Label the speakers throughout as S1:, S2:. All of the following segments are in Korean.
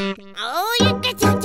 S1: おおゆかちゃん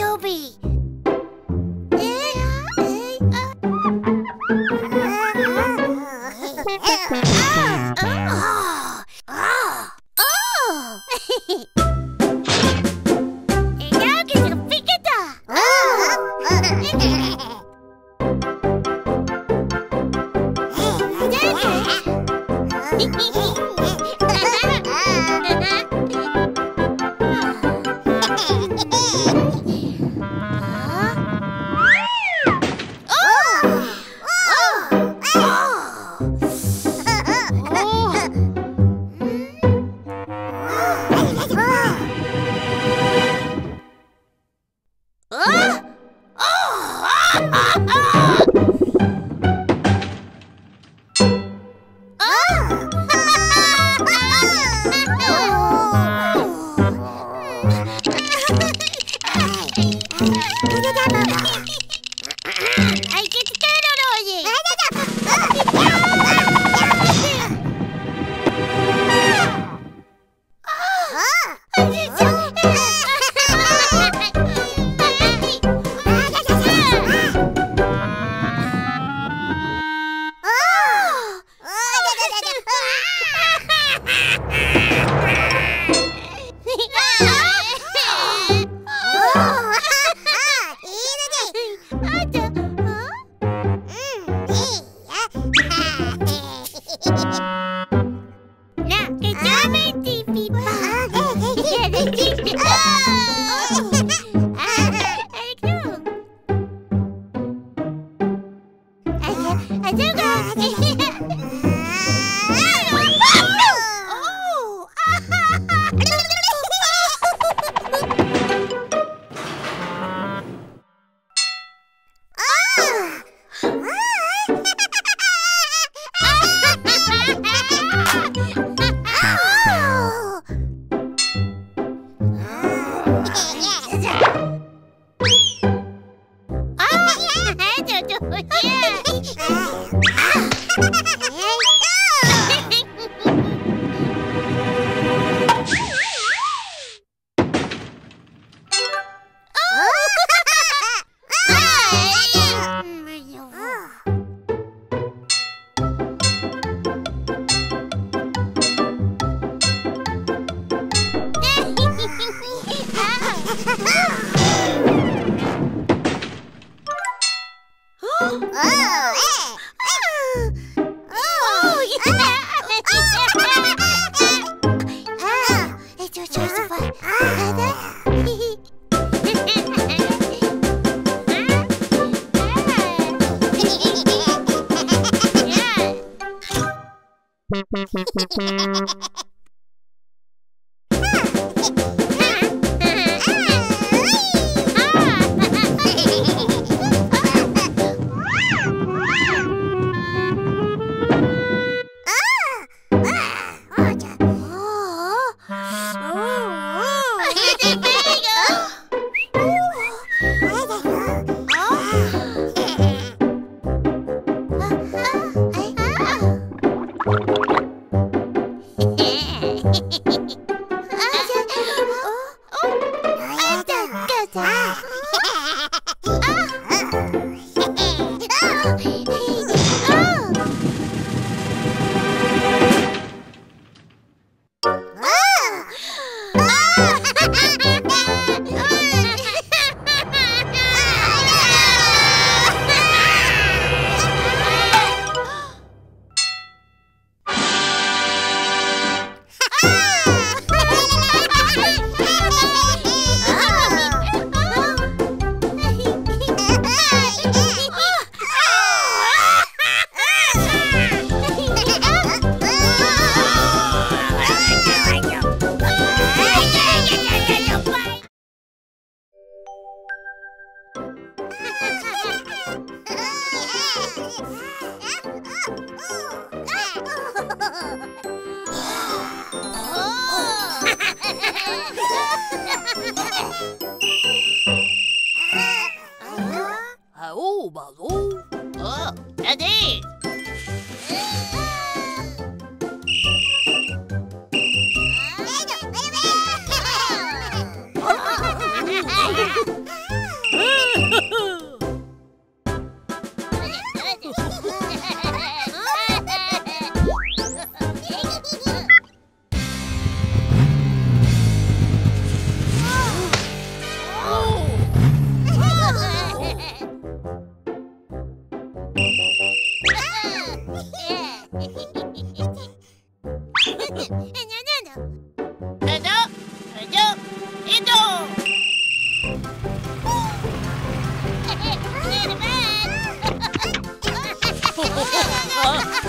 S1: Mustafa. Heather? Hehehehe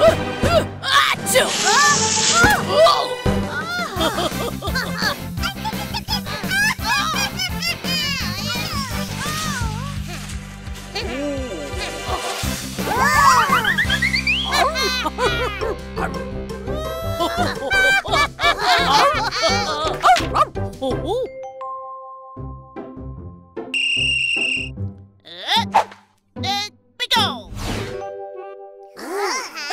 S1: 아쭈! 아!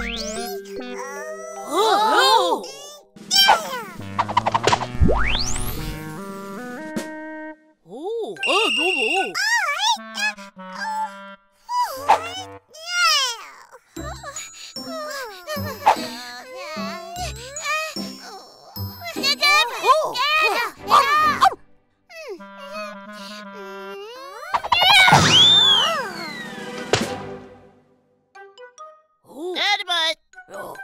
S1: Bye. Oh.